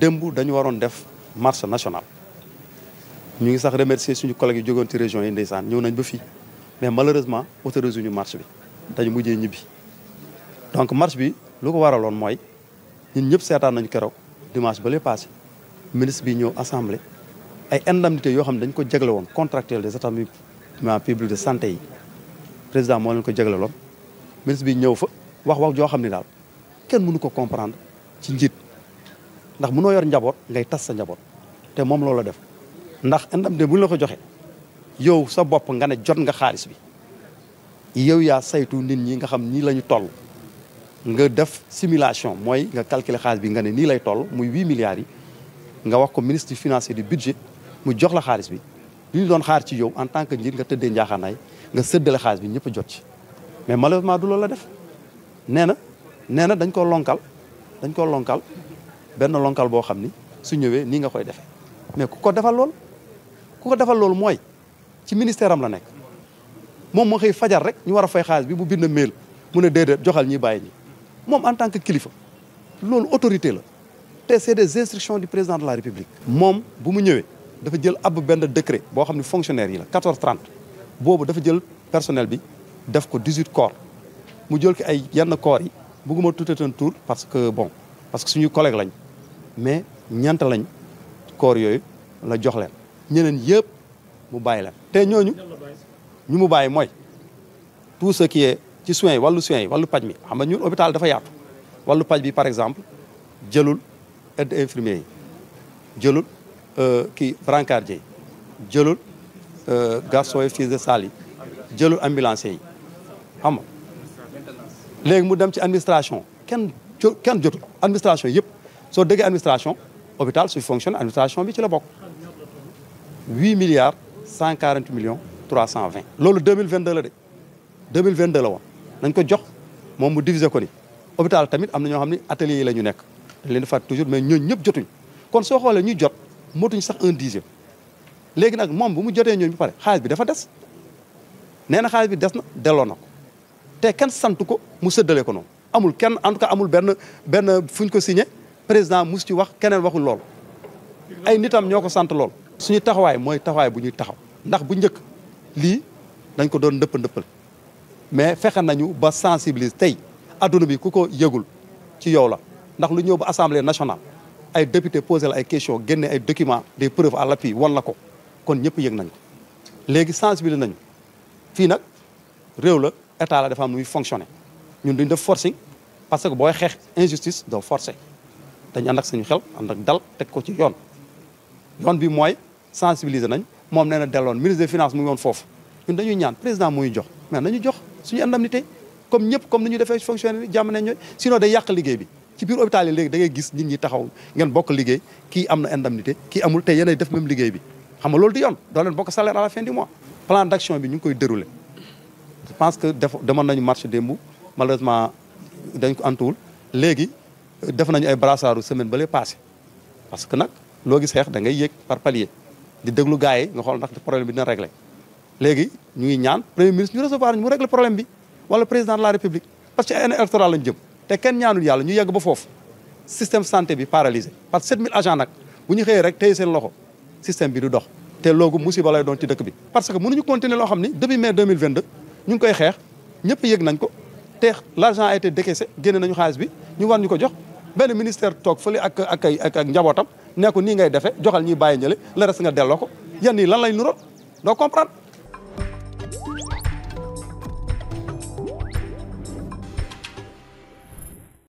démb dañu waroon def marche national ñu ngi sax remercier suñu collègues yu jógoon ci région yi ndeysaan ñëw nañ ba fii mais malheureusement autorisé ñu marche bi dañu mujjee ñibbi donc marche bi lu ko waraloon mooy ñun ñëpp seetaan nañu keroog dimanche ba lay passé ministre bi ñëw assemblée ay indemnités yoo xam ne dañ ko jagle woon contractuel des établissements publics de santé yi président moo leen ko jagleloon ministre bi ñëw fa wax wax joo xam ne daal kenn mënu ko comprendre ci njiit ndax mënoo yor njaboot ngay tas sa njaboot te moom loola def ndax indam de bu ñu la ko joxee yow sa bopp nga ne jot nga xaalis bi yow yaa saytu nit ñi nga xam nii la ñu toll nga def simulation mooy nga calculer xaalis bi nga ne nii lay toll muy huit milliards yi nga wax ko ministre du finance du budget mu jox la xaalis bi li ñu doon xaar ci yow en tant que njiit nga tëddee njaaxaanaay nga sëddale xaalis bi ñëpp a jot ci mais malheureusement du loolu la def nee na nee na dañ koo lonkal dañ ko lonkal benn lonkal boo xam ni su ñëwee nii nga koy defee mais ku ko defal lool ku ko defal loolu mooy ci ministère am la nekk moom moo xëy fajar rek ñu war a fay xaalis bi bu bind mail mu ne déedéet joxal ñi bàyyi ñi moom en tant que kilifa loolu autorité la te c'est des instructions du président de la république moom bu mu ñëwee dafa jël ab benn décret boo xam ne fonctionnaire yi la 14 30 boobu dafa jël personnel bi def ko 18 corps mu jël ko ay yenn corps yi bëgguma tuutatoon tour parce que bon parce que suñu collègue lañ mais ñeent lañ corps yooyu la jox leen ñeneen yëpp mu bàyyi leen te ñooñu ñu mu bàyyi mooy tout ce qui ci soins yi wàllu soins yi wàllu paj mi xam nga ñun hôpital dafa yaatu wàllu paj bi par exemple jëlul aide infirmier yi jëlul euh, kii brancardier yi jëlul euh, garçon yi fils de salle jëlul ambulancier yi xam nga léegi mu dem ci administration kenn kenn jotul administration yëpp soo déggee administration hôpital su fonctionne administration bi ci la bokk huit milliards cent quarante millions trois cent vingt loolu deux mille vingt deux la de deux mille vingt deux la woon nañ ko jox moom mu diviser ko ni hôpital tamit am na ñoo xam ne ateliers yi la ñu nekk leen fa toujours mais ñooñ ñëpp jotuñ kon soo xoolee ñu jot motuñ sax un dixième léegi nag moom bu mu jotee ñooñu ba pare xaalis bi dafa des nee na xaalis bi des na delloo na ko te kenn sant ko mu séddale ko noonu amul kenn en amul benn benn fuñ ko signé président mus ci wax keneen waxul lool ay nitam ñoo ko sant lool. suñu taxawaay mooy taxawaay bu ñuy taxaw ndax bu njëkk lii dañ ko doon ndëpp ndëppal mais fexe nañu ba sensibiliser tey adduna bi ku ko yëgul ci yow la ndax lu ñëw ba assemblée national ay député posé la ay questions génne ay documents de preuves à l'appui wan la ko kon ñëpp yëg nañ ko léegi sensibiliser nañu fii nag réew la. état la dafa am muy fonctionner ñun duñ def forcing parce que booy xeex injustice doo force dañ ànd ak suñu xel ànd ak dal teg ko ci yoon. yoon bi mooy sensibiliser nañ moom nee na delloon ministre des finances mu ngi woon foofu ñun dañuy ñaan président muy jox mais nañu jox suñu indemnité comme ñëpp comme ni ñu defee fonctionnaire jàmm nañ ñooy sinon day yàq liggéey bi. ci biir hôpital léegi da ngay gis nit ñi taxaw ngeen bokk liggéey kii am na indemnité kii amul te yéenay def même bi xam nga loolu di yoon bi ñu ngi koy dérouler. je pense que def demoon nañu marché démb malheureusement dañ ko antuwul léegi def nañu ay brassaaru semaine ba lay passé parce que nag loogi gis xeex da ngay yéeg par palier di déglu gars yi nga xool ndax problème bi dina réglé léegi ñu ngi ñaan premier ministre ñu recevoir ñu mu réglé problème bi wala président de la république parce que ay année électorale lañu jëm te kenn ñaanul yàlla ñu yegg ba foofu système santé bi paralysé parce que 7000 agents nag bu ñu xëyee rek téye te loogu musiba lay doon loo xam ni ñu ngi koy xeex ñëpp yëg nañ ko te l'argent a été décaissé génne nañu xaalis bi ñu war ñu ko jox benn ministère toog fële ak ak ak ak njabootam nee ni ngay defe joxal ñuy bàyyi ñële le reste nga delloo ko yan nii lan lay nuroon doo comprendre